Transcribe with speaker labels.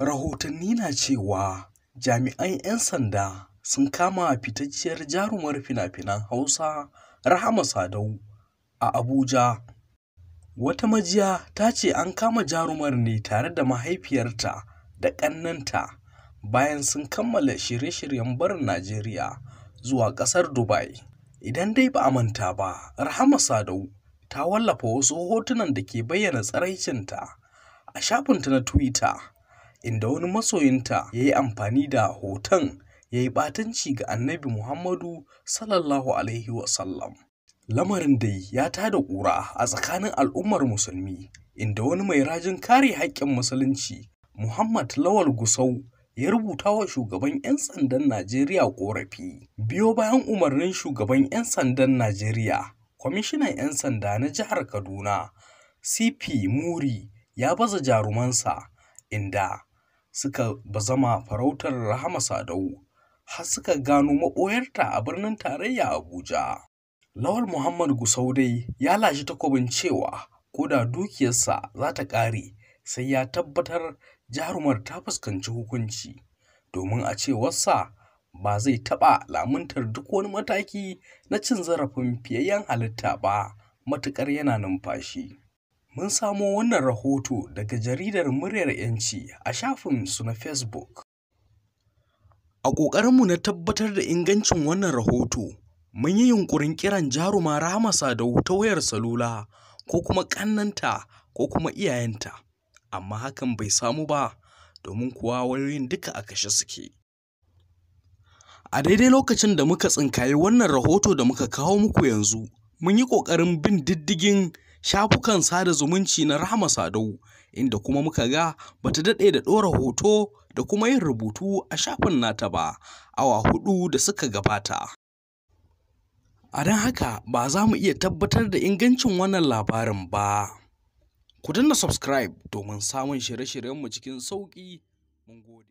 Speaker 1: Rahotanni na cewa jami'an ‘yan sanda sun kama fitacciyar jarumar fina-finan Hausa Rahama Sadau a Abuja. Wata majiya ta ce an kama jarumar ne tare da mahaifiyarta da ƙannanta bayan sun kammala shirye-shiryen barin Najeriya zuwa ƙasar Dubai. Idan dai ba a manta ba, Rahama Sadau ta wallafa wasu hotunan da ke bayyana tsaraicinta a shafinta na Twitter. inda wani masoyinta ya yi amfani da hoton ya yi ɓatanci ga annabi Muhammadu sallallahu Alaihi wasallam. Lamarin dai ya tada ƙura a tsakanin al'ummar musulmi, inda wani mai rajin kare haƙƙin musulunci, Muhammad Lawal Gusau, ya rubuta wa shugaban 'yan sandan Najeriya ƙorafi. Biyo bayan umarnin shugaban 'yan sandan Najeriya, kwamishinan 'yan sanda na jihar Kaduna, CP Muri ya baza jarumansa, inda suka bazama farautar Rahama Sadau har suka gano maɓoyarta a birnin tarayya Abuja. Lawal Muhammad Gusau dai ya lashe takobin cewa ko da dukiyarsa za ta ƙare sai ya tabbatar jarumar ta fuskanci hukunci domin a cewarsa ba zai taɓa lamuntar duk wani mataki na cin zarafin fiyayyen halitta ba matuƙar yana numfashi. Mun samo wannan rahoto daga jaridar Muryar 'Yanci a shafin su na Facebook. A ƙoƙarinmu na tabbatar da ingancin wannan rahoto, mun yi yunƙurin kiran jaruma ramasa da ta wayar salula ko kuma ƙannanta ko kuma iyayenta, amma hakan bai samu ba domin kuwa wayoyin duka a kashe suke. A daidai lokacin da muka tsinkayi wannan rahoto da muka kawo muku yanzu, mun yi ƙoƙarin bin diddigin shafukan sada zumunci na Rahama Sadau, inda kuma muka ga bata daɗe da ɗora hoto da kuma yin rubutu a shafin nata ba, awa hudu da suka gabata. A don haka ba za mu iya tabbatar da ingancin wannan labarin ba. Ku dinna subscribe domin samun shirye-shiryenmu cikin sauƙi. Mun gode.